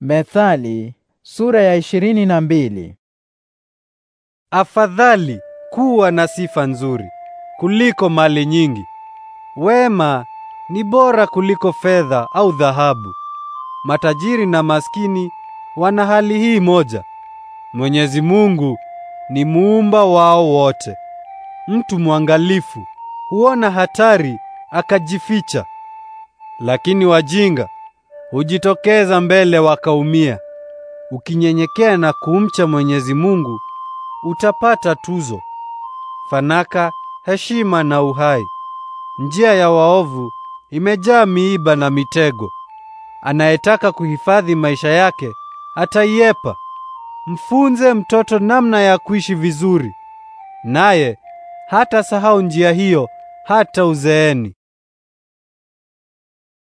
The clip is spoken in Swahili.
Methali sura ya ishirini na mbili. Afadhali kuwa na sifa nzuri kuliko mali nyingi. Wema ni bora kuliko fedha au dhahabu. Matajiri na maskini wana hali hii moja. Mwenyezi Mungu ni muumba wao wote. Mtu mwangalifu huona hatari akajificha, lakini wajinga hujitokeza mbele wakaumia. Ukinyenyekea na kumcha Mwenyezi Mungu utapata tuzo, fanaka, heshima na uhai. Njia ya waovu imejaa miiba na mitego. Anayetaka kuhifadhi maisha yake ataiepa. Mfunze mtoto namna ya kuishi vizuri, naye hata sahau njia hiyo hata uzeeni.